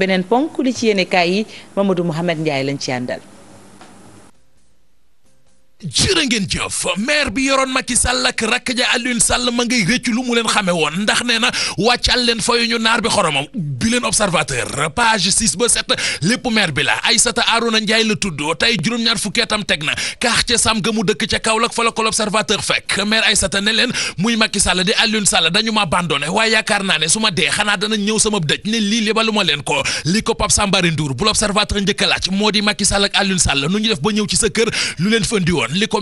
beneen ponk li ci yéenekaay yi Mamadou Mouhamed Ndiaye lañ ci àndal. jërë ngeen jëf maire bi yoroon Macky Sall ak rakk ja Alioune Sall ma ngay rëccu lu mu leen xame woon ndax nee na wàccal leen fayu ñu naar bi xoromam leen observateur page 6 ba 7 lépp maire bi la Aïssata Arona Ndiaye la tudd tey juróom-ñaar fukki atam teg na quartier sam ga mu dëkk ca Kaolack la ko l'observateur fekk maire Aïssata ne leen muy Macky Sall di Alioune Sall dañu ma abandonné waaye yaakaar naa ne su ma dee xanaa dana ñëw sama dëj ne lii lébalu ma leen ko li ko Pape Sambari Ndour bu l'observateur njëkk a laaj moo di Macky Sall ak Alioune Sall nu ñu def ba ñëw ci sa kër lu leen fëndi woon li ko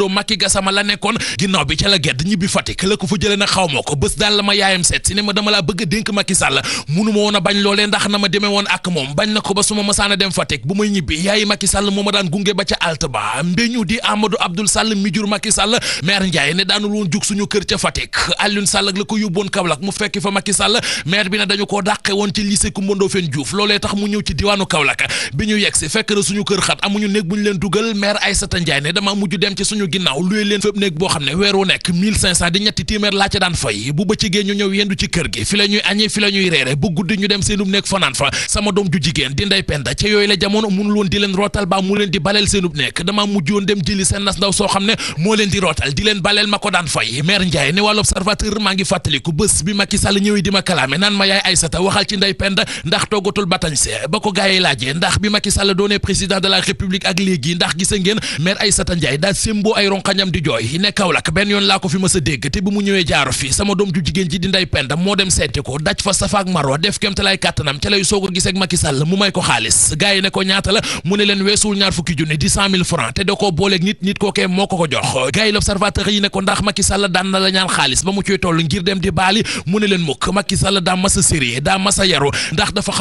dëkkandoo Macky Gassama la nekkoon ginnaaw bi ca la gedd ñibbi Fatick la ko fa jëlee na xaw ma ko bés daal ma yaayam seet si ne ma dama laa bëgg a dénk Macky Sall munu ma woon a bañ loolee ndax na ma demee woon ak moom bañ na ko ba su masaana dem Fatick bu may ñibbi yaayi Macky Sall moo ma daan gunge ba ca alt ba mbéñu di Amadou Abdoul Sall mi jur Macky Sall maire ne daanul woon jug suñu kër ca Fatick Alioune Sall la ko yóbboon Kaolack mu fekki fa Macky Sall ginnaaw luy leen fépp néeg boo xam ne weer wu nekk 1500 di ñetti téeméer laa ca daan fay bu bëccëgee ñu ñëw yendu ci kër gi fi la añee fi la reere bu guddi ñu dem seenub nekk fanaan fa sama doom ju jigéen di ndey penda ca yooyu la jamono mënul di leen rootal ba mu leen di baleel seenub nekk dama mujjoon dem jëli seen nas ndaw soo xam ne moo leen di rootal di leen baleel ma ko daan fay maire Ndiaye ne wàll observateur maa ngi fàttaliku ay ronxañam di jooy ne benn yoon laa ko fi mës a dégg te bu mu ñëwee jaaro fi sama doom ju jigéen ji di Ndeye moo dem seeti ko daj fa safaak marwa def kemte lay kàttanam ca lay a gis ko da koo booleeg nit nit kookee moo ko ko jox gars yi l'observateur yi ne ko ndax Macky Sall daan na la ñaan xaalis ba a série a yaru ndax dafa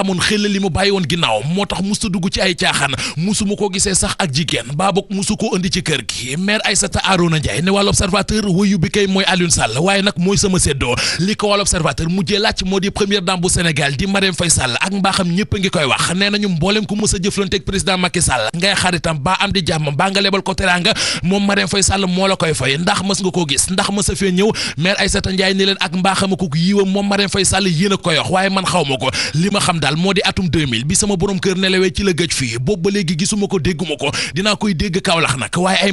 gisee sax ak jigéen baa boog musu ko indi ci kër gi maire Aïssata Arouna Ndiaye ne waa l'observateur wëyu bi kay mooy Aliou Sall waaye nag mooy sama séddoo li ko waa l'observateur mujjee laaj moo di première dame bu Sénégal di Marème Faye Sall ak mbaaxam ñëpp a ngi koy wax nee nañu mboolem ku mës a jëflanteeg président Macky Sall ngay xaritam baa am di jàmm baa nga lebal ko teraanga moom Marème Faye Sall moo la koy fay ndax mës nga koo gis ndax mës a fee ñëw maire Aïssata Ndiaye ni leen ak mbaaxam a koy wax waaye ko moo di atum 2000 bi ko dégguma ko dinaa koy dégg Kaolack nag waaye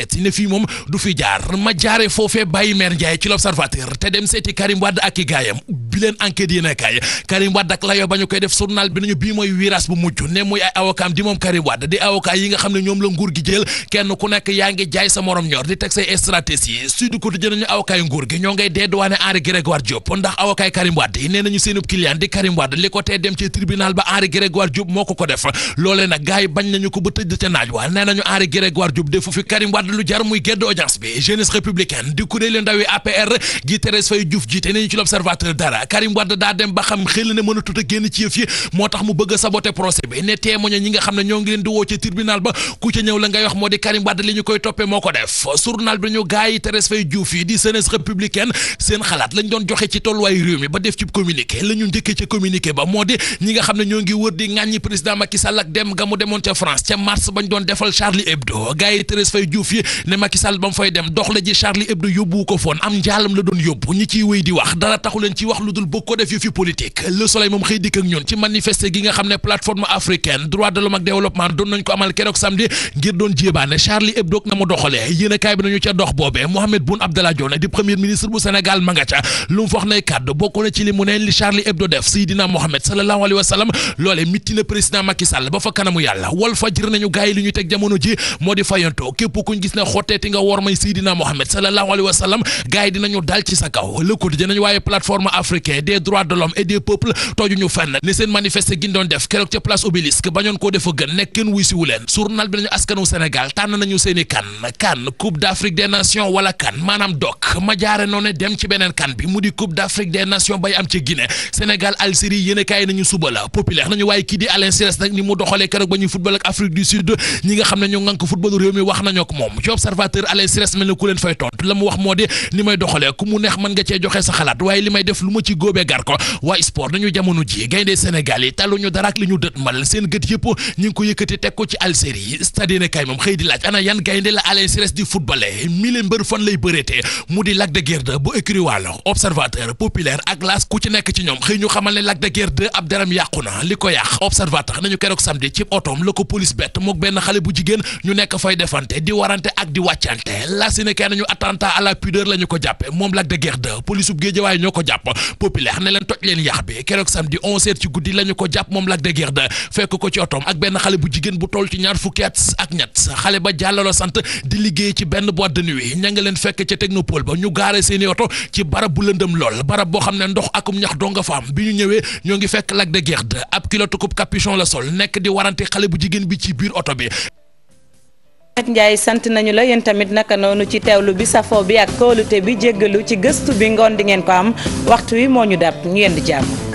seet si ne fii moom du fi jaar ma jaare foofee bàyyi meer Njaay ci l'observateur te dem seeti Karim Wade ak gaayam bi leen enquête yéen a kaay Karim Wade ak layoo ba ñu koy def journal bi nañu bii mooy virage bu mujj ne muy ay avocat di moom Karim di avocat yi nga xam ne ñoom la nguur gi jël kenn ku nekk yaa ngi jaay sa morom ñor di teg say stratégie Sud Quotidien nañu avocat nguur gi ñoo ngay deeduwaane Henri Grégoire Diop ndax avocat Karim Wade nee nañu seenub client di Karim li ko tee dem ci tribunal ba Henri Grégoire Diop moo ko ko def loolee nag Karim Wade daa dem ba xam xel ne mënatut a génn ci yëf yi moo tax mu bëgg a saboter procès bi ne témoin ñi nga xam ne ñoo ngi leen di woo ci tribunal ba ku ca ñëw la ngay wax moo di Karim li ñu koy toppee moo ko def journal bi ñu gars yi Thérèse Faye Diouf yi di jeunesse républicaine seen xalaat lañ doon joxe ci tolluwaayu réew mi ba def ci communiqué la njëkkee ci communiqué ba moo di ñi nga xam ne ñoo ngi wër di ŋàññi président Macky ak dem nga mu demoon lu dul bëgg def yu fi politique le soleil moom xëy dikk ak ñun ci manifester gi nga xam ne plateforme africaine droit de l'homme ak développement doon ko amal keroog samedi ngir doon jéebaane Charlie Hebdo na mu doxalee yéen a bi nañu ca dox boobee Mohamed Boun Abdallah Dionne di premier ministre bu Sénégal ma nga ca lu mu wax nay kàddu bokk ci li mu ne li Charlie Hebdo def Seydina Mohamed sallallahu alayhi wa loole mitti na président Macky africain droits de l'homme et des peuples tooju ñu fenn ne seen manifeste gi doon def keroog ca place Obélisque bañoon koo defa gën nekk kenn wuy leen journal bi nañu askanu Sénégal tànn nañu seen kan kan Coupe d'Afrique des Nations wala kan maanaam dok ma jaare dem ci beneen kan bi mu di Coupe d'Afrique des Nations bay am ci Guinée Sénégal Algérie yéen nañu suba la populaire nañu waaye kii di Alain Sires ni mu doxalee keroog ba ñuy football ci góobe gar ko waa sport nañu jamono ji gaynde Sénégal yi taluñu dara ak li ñu dët mal seen gët yëpp ñu ngi ko yëkkati teg ko ci Algérie stade moom la ko police bett mook benn xale bu jigéen ñu nekk fay defante di warante ak di wàccante la si nañu attentat à la pudeur ko jàppe moom Lac ko jàpp populaire ne leen toj leen yaax bi keroog samedi 11h ci guddi la ko jàpp moom Lac de Guiers 2 fekk ko ci otoom ak benn xale bu jigéen bu toll ci ñaar fukki at ak ñett xale ba jàllalo sant di liggéey ci benn boîte de nuit ña nga leen fekk ca technopole ba ñu gaare seeni oto ci barab bu lëndëm lool barab boo xam ne ndox akum ñax doo nga fa am bi ñu ñëwee ñoo ngi fekk Lac de Guiers 2 ab kilotukub la sol nekk di warante xale bu jigéen bi ci biir bi Mohamed Ndiaye sant nañu la yéen tamit naka noonu ci teewlu bi safoo bi ak kóolute bi jéggalu ci gëstu bi ngoon di ngeen ko am waxtu wi moo ñu dab ñu yendu jàmm